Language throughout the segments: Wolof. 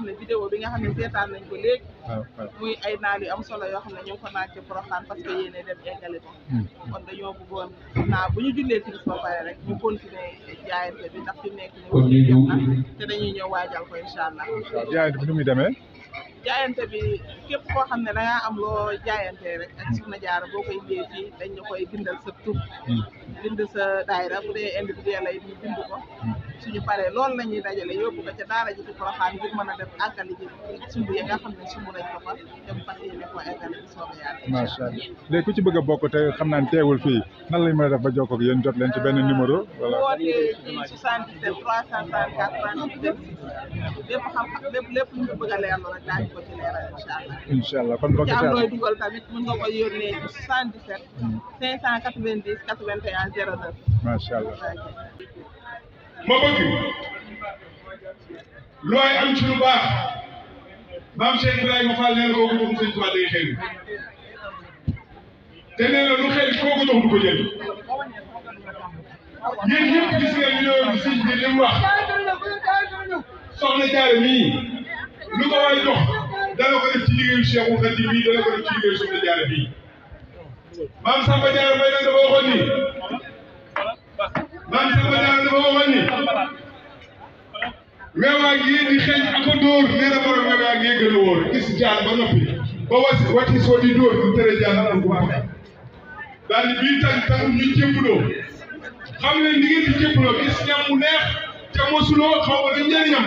xam ne vidéo bi nga xam ne seetaan nañ ko léegi muy ay naal yu am solo yoo xam ne ñu ngi ko naaj ci Porokhane parce que yéene dem eggale ko hmm. kon dañoo bëggoon naa bu ñu jullee timis ba pare rek ñu continuer jaayante bi fi nekk ni dañuy ñëw waajal ko incha allah jaayante bi nu muy demee jaayante bi képp koo xam ne da am loo jaayante rek ak soxna jaara boo koy indee dañ ñu koy bindal sa tur hmm. bind sa daayira bu dee individuel ay ñu bind ko hmm. suñu paree loolu la ñuy dajale yóbbu mën a def àggali ne sumb nañ ko fa dem fas yéene ko àggali ci soobee yàlla macha allah ku ci bëgg a bokk xam naa teewul fii nan lañ mën def ba jokkoo ak jot leen ci benn numéro voilà wootee ci 77 334 38 26 allah ma bëgg looy am ci lu baax maam Cheikh Ibrahima Fall nee na kooku jox sëñ Tuubaa day xëy te nee na lu xëy kooku jox du ko jël yéen ñëpp gis ngeen vidéo bi sëñ bi li mu wax soxna Jaara mii lu ko waay jox dana ko def ci liggéeyu Cheikhul Khadim bii dana ko def ci liggéeyu soxna Jaara bii maam Samba Jaara may na dafa waxoon ni maam Samba Jaara dafa waxoon weewaag yii di xeeñ ak a dóor nee na borom weewaag yee gën a wóor gis jaan ba noppi ba wasi wati soo di dóor ñu tere jaan alal bu amee daal di bii tàng tàng ñu jëppuloo xam ne ni ngeen di jëppuloo gis ñam mu mosuloo xaw ma dañ njëriñam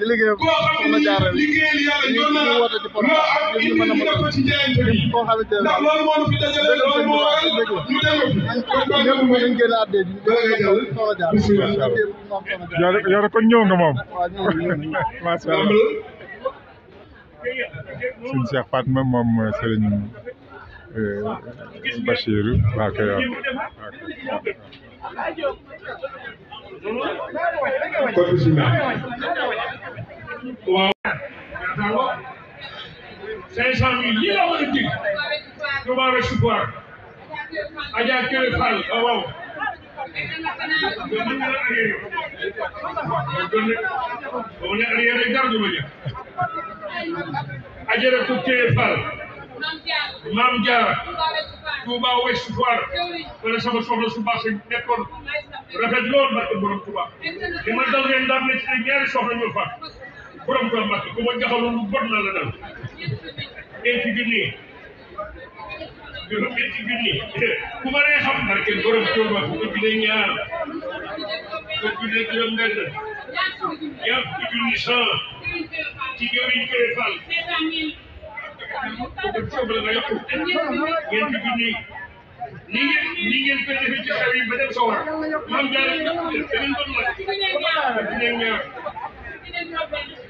ci liggéeyam moom la nga moom macha allah suñu Cheikh Fatma moom sëriñ euh, Bachirou waaw kay waaw waaw. cinq cent mille lii la war a dig Touba Rasupoir Adja Kelle Fall waaw waaw. loolu la arrière yow loolu la arrière rek garde ma jëf Adja rek ko Kelle Fall Maam lool barke borom Touba li ma dal ngeen daan ci ñaari soxla ñu fa borom ko mbàkk ku ma jaxaloon lu bon na la dal ñeenti junni ñeenti junni ku ma lay xam barke borom Tuuba ku ko jëlee ñaar ku ko jëlee juróom-benn ñaar ku junni cent ci jëriñ kër Fall ku ko sóob la nga yokku ñeenti junni ni ngeen ni ngeen ko defee ci xew yi ba dem sowar man daal beneen bon la ku ma ñaar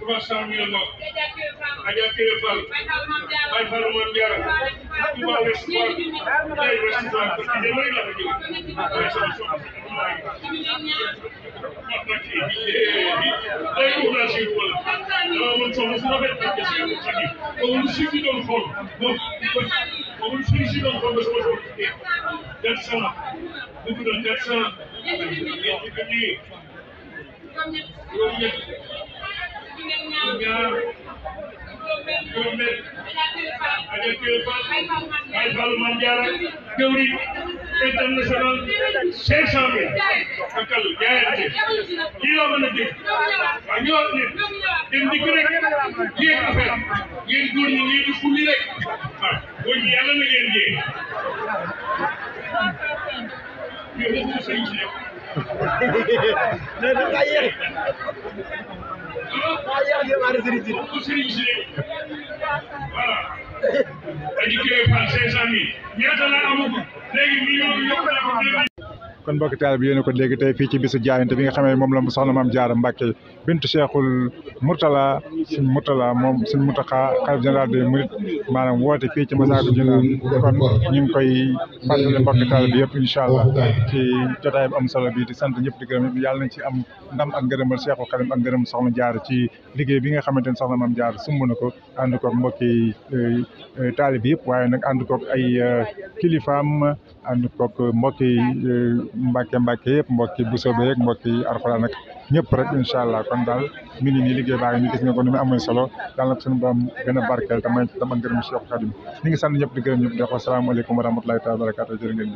trois cent mille la Adja Kéré Fall Baye Fall Mame Diarra Touba Ouest Foire Touba Ouest Foire parce que damay la ko jóg waaye sama soxna si dama laay ma bàcc bi day ouvrage yi wala dama mën soxna su rafet ak des yi ak yi boobu lu suuf si doon xool boobu boobu lu suuf si doon xool ba sama soxna si quatre cent dugg na quatre cent ñetti junni juróom ñett Faisal मंजर query international Sheikh सामी अकल गैर जीरो मनते अगला ने दिन दिखरे ये कफे ये गुड नहीं ये फुली रे वो येला में ये ये ये सही है नहीं नहीं pour Serigne si voilà dañu koy fal cinq cent mille ñaata laa amagum léegi million bi yokk na ko kon mbokk taal bi yéen ko dégg tey fii ci bisu jaayante bi nga xamee moom la mu soxna maam jaara Mbàkke bintu Cheikhul Mourtala suñ moom suñ Mountakha xalif général de Murit maanaam woote fii ci Masaalikul Jinaan kon ñu ngi koy fàttali mbokk taal bi yëpp incha allah ci jotaay bu am solo bi di sant ñëpp di gërëm ñëpp yàlla nañ ci am ndam ak ngërëmal Cheikhul Xadim ak ngërëm soxna jaara ci liggéey bi nga xamante ne soxna maam jaara sumb na ko ànd koog mbokki euh, taalib yëpp waaye nag ànd koog ay euh, kilifaam ànd koog mbokki euh, mbàkke mbàkke yëpp mbokki buso be yeeg mbokki arxuraan ak ñëpp rek incha allah kon daal mi ngi nii liggéey baa ngi nii gis nga ko ni mu amee solo daal nag suñu borom gën a barkeel te may tam ak ngërëm Cheikh Khadim ñi ngi sant ñëpp di gërëm ñëpp di wax asalaamaaleykum wa rahmatulahi taala wa barakatu jërë ngeen